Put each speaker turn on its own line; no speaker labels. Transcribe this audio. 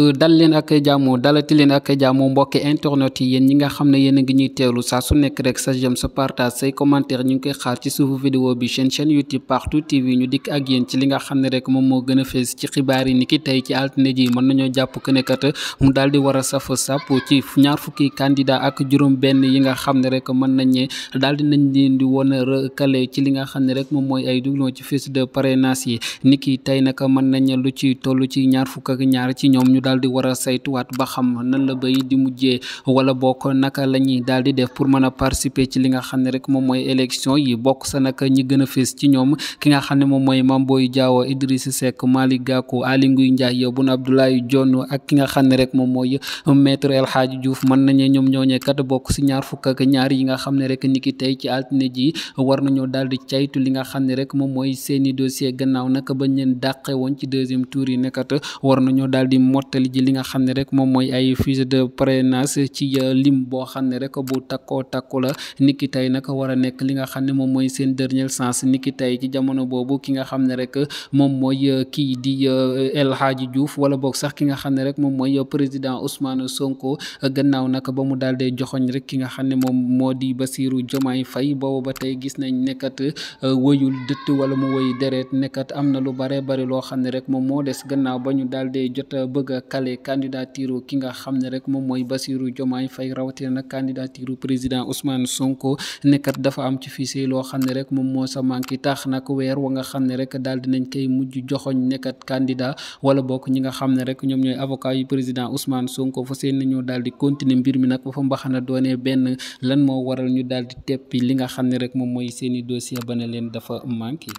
Euh, dal leen ak jàmm dalati leen ak jàmm mbokki internet yi ñi nga xam ne yéen a ngi ñuy teewlu saa su nekk rek sa jëm sa partage say commentaire ñu ngi xaar ci suufu vidéo bi chaîne chaîne YouTube partout TV ñu dikk ak yéen ci li nga xam ne rek moom a ki tey ci yi nga xam ne rek mën nañ ne di nañ di woon a ci li nga xam ne mooy ay doublon ci fiche de parrainage yi ni ki tey nag mën nañ lu ci toll ci ñaar fukk ak ñaar ci ñoom daal di a saytuwaat ba xam nan la bay di mujjee wala bokk naka la ñuy def pour mën a participer ci li nga xam ne rek moom mooy élection yi bokk sa a fees ci ñoom ki nga xam ne moom mooy ki nga xam ne rek moom mooy maître El Hadji Diouf mën nañu ñoom ñooñee kat bokk si yi nga xam ne rek niki tey ci altine ji war nañoo daal di caytu li nga xam ne rek moom mooy seeni dossier gannaaw nag bañ leen dàqe woon ci deuxième tour yi nekkat war nañoo daal mot mottali ji li nga xam ne rek moom mooy ay fusée de parrainage ci euh, lim boo xam ne rek bu takkoo takku niki tey nag war a nekk li nga xam ne moom mooy seen dernier sens niki tey ci jamono boobu ki nga xam ne rek moom mooy euh, kii di euh, El Hadji Diouf wala boog sax ki nga xam ne rek moom mooy président Ousmane Sonko gannaaw nag ba mu daal dee joxoñ rek ki nga xam ne moom moo di Bassirou Diomaye Faye booba ba tey gis nañ nekkat woyul dëtt wala mu woy deret nekkat am na lu bare bari loo xam ne rek moom moo des gannaaw ba ñu daal jot kale candidature ki nga xam ne rek moom mooy Bassirou Diomaye fay rawatina nag candidature président Ousmane Sonko nekkat dafa am ci fichier loo xam ne rek moom moo sa manqué tax nag weer wa nga xam ne rek daal dinañ koy mujj joxoñ nekkat candidat wala bokk ñi nga xam ne rek ñoom ñooy avocat yu président Ousmane Sonko fa seen nañoo daal di continuer mbir mi nag ba fa mbaxana doonee benn lan moo waral ñu daal di teppi li nga xam ne rek moom mooy seeni dossier ba ne leen dafa manqué